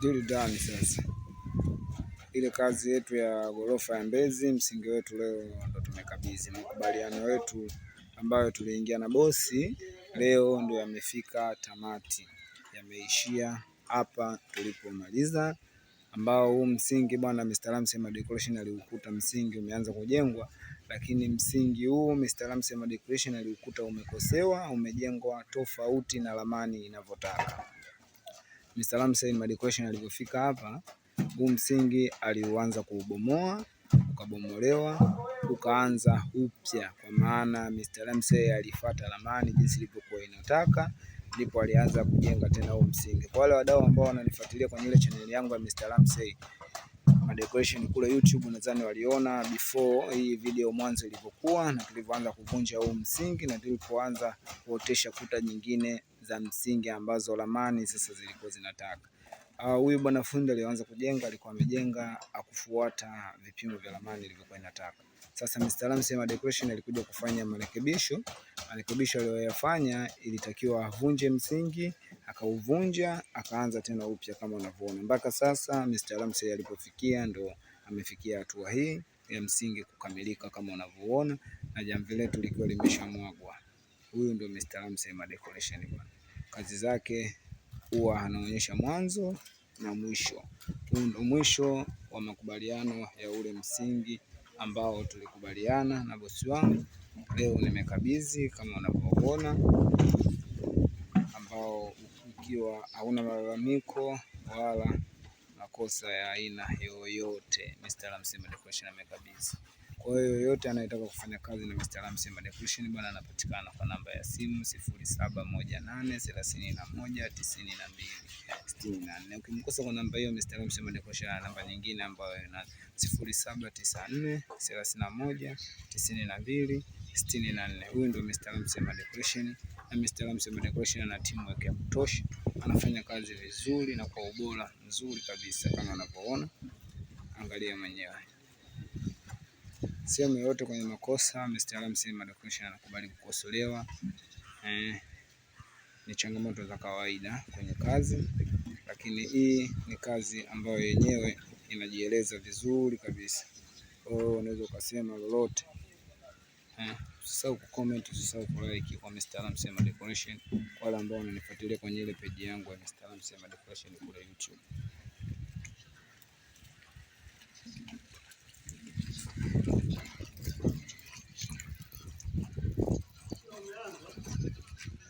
deal done sasa. Ile kazi yetu ya ghorofa ya Mbezi, msingi wetu leo ndo tumekabidhi. Makubaliano yetu ambayo tuliingia na bosi leo ndo yamefika tamati, yameishia hapa tulipomaliza, ambao huu msingi bwana Mr. Ramsey Decoration aliukuta msingi umeanza kujengwa, lakini msingi huu Mr. Ramsey Decoration aliukuta umekosewa, umejengwa tofauti na ramani inavyotaka. Mr. Salam Hussein alivyofika hapa, huu msingi aliuanza kuubomoa ukabomolewa ukaanza upya, kwa maana Mr. Salam alifuata ramani jinsi ilivyokuwa inataka, ndipo alianza kujenga tena huu msingi. Kwa wale wadau ambao wananifuatilia kwenye ile channel yangu ya Mr. Salam Hussein kule YouTube, nadhani waliona before hii video mwanzo ilivyokuwa na tulivyoanza kuvunja huu msingi na tulipoanza kuotesha kuta nyingine za msingi ambazo ramani sasa zilikuwa zinataka. Ah, huyu uh, bwana fundi alianza kujenga alikuwa amejenga akufuata vipimo vya ramani ilivyokuwa inataka. Sasa Mr. Ramsey ma decoration alikuja kufanya marekebisho. Marekebisho aliyoyafanya ilitakiwa avunje msingi, akauvunja, akaanza tena upya kama unavyoona. Mpaka sasa Mr. Ramsey alipofikia ndo amefikia hatua hii ya msingi kukamilika kama unavyoona na jamvi letu likiwa limeshamwagwa. Huyu ndio Mr. Ramsey ma decoration bwana kazi zake huwa anaonyesha mwanzo na mwisho. Huu ndo mwisho wa makubaliano ya ule msingi ambao tulikubaliana na bosi wangu. Leo nimekabidhi kama unavyoona, ambao ukiwa hauna malalamiko wala makosa ya aina yoyote. Mr. Ramsey Decoration amekabidhi. Kwa hiyo yoyote anayetaka kufanya kazi na Mr. Ramsey Decoration bwana, anapatikana kwa namba ya simu 0718319264. Ukimkosa kwa namba hiyo Mr. Ramsey Decoration ana namba nyingine ambayo ina 0794319264. Huyu ndio Mr. Ramsey Decoration na Mr. Ramsey Decoration ana timu yake ya kutosha, anafanya kazi vizuri na kwa ubora mzuri kabisa kama unavyoona, angalia mwenyewe sehemu yoyote kwenye makosa, Alam sema documentation anakubali kukosolewa eh, ni changamoto za kawaida kwenye kazi, lakini hii ni kazi ambayo yenyewe inajieleza vizuri kabisa. Kwa hiyo unaweza ukasema lolote eh. Usisahau comment, usisahau like kwa Alam sema decoration, wale ambao wananifuatilia kwenye ile page yangu ya Alam sema decoration kule YouTube.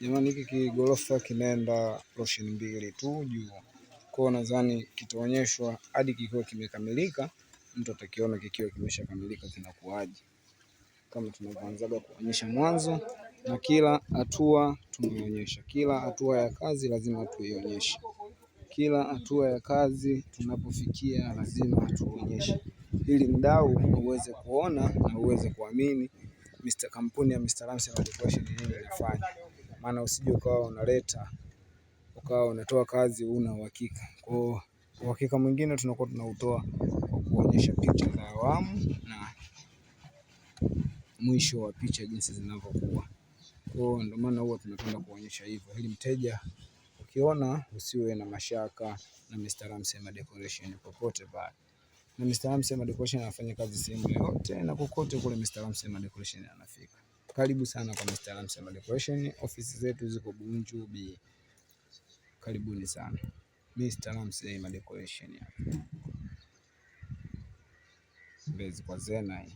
Jamani, hiki kigorofa kinaenda rosheni mbili tu juu, kwa nadhani kitaonyeshwa hadi kikiwa kimekamilika, mtu atakiona kikiwa kimeshakamilika kinakuaje, kama tunavyoanzaga kuonyesha mwanzo, na kila hatua tunaonyesha. Kila hatua ya kazi lazima tuionyeshe, kila hatua ya kazi tunapofikia lazima tuonyeshe, ili mdau uweze kuona na uweze kuamini Mr. kampuni ya Mr. Ramsey Land Decoration nini inafanya maana usije ukawa unaleta ukawa unatoa kazi una uhakika. Kwa uhakika mwingine tunakuwa tunautoa kwa kuonyesha picha za awamu na mwisho wa picha jinsi zinavyokuwa. Kwa hiyo ndio maana huwa tunapenda kuonyesha hivyo ili mteja ukiona usiwe na mashaka na Mr. Ramsey Decoration popote pale. Na Mr. Ramsey Decoration anafanya kazi sehemu yote na kokote kule Mr. Ramsey Decoration anafika. Karibu sana kwa Mr. Saba Decoration. Ofisi zetu ziko Bunju B. Karibuni sana. Mr. Saba Decoration. Mbezi kwa Zena.